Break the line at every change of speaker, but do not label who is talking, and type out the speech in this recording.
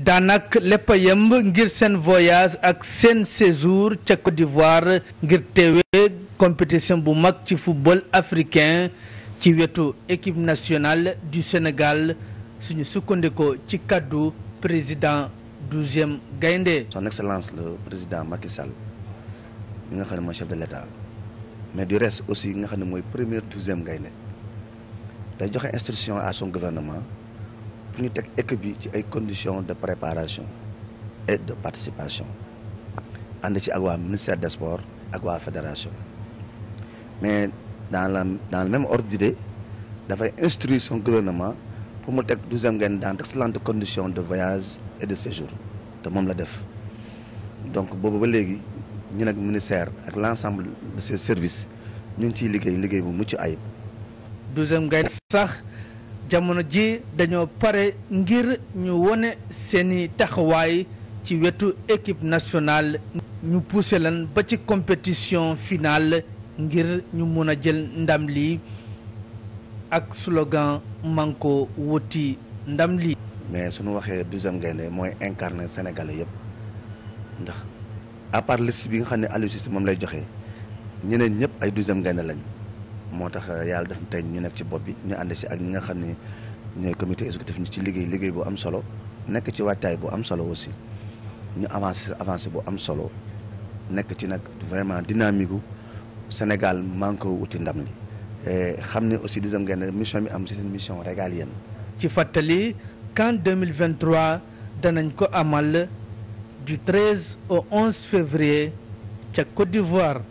daanak lépp yemb ngir seen voyage ak seen séjour ca Côte d'Ivoire ngir teewee compétition bu mag ci football africain ci wetu équipe nationale du Sénégal suñu sukkandikoo ci kàddu président douzième gaynde
son excellence le président Macky Sall mi nga xam ne mooy chef de l'État mais du reste aussi nga xam ne mooy premier douzième gaynde day joxe instruction à son gouvernement ñu teg équipe bi ci ay condition de préparation et de participation ànd ci ak waa ministère des sports ak waa fédération mais dans la dans le même dafay instruire son gouvernement pour mu teg douzième Gaindé dans d'excellentes condition de voyage et de séjour te moom la def donc boobu ba léegi ñu nag ministère ak l'ensemble de ses services ñu ngi ciy liggéey liggéey bu mucc ayib
douzième Gaindé sax jamono ji dañoo pare ngir ñu wone seeni taxawaay ci wetu équipe nationale ñu poussé lan ba ci compétition finale ngir ñu mun a jël ndam lii ak slogan manko wuti ndam lii
mais su nu waxee deuxième gaynde mooy incarné sénégalais yëpp ndax à part bi nga xam ne Aliou Cissé lay joxe ñeneen ñëpp ay deuxième gaynde lañ moo tax euh, yàlla def tey ñu nekk ci bopp bi ñu ànd si ak ñi nga xam ne ñooy comité exécutif ñu ci liggéey liggéey bu am solo nekk ci waajtaay bu am solo aussi ñu avancé avancé bu am solo nekk ci nag vraiment dynamique gu Sénégal maa ngi ko wuti ndam li xam ne aussi disam ngeen mission bi am si une mission régalienne
ci fàttali CAN 2023 danañ ko amal du 13 au 11 février ca Côte d'Ivoire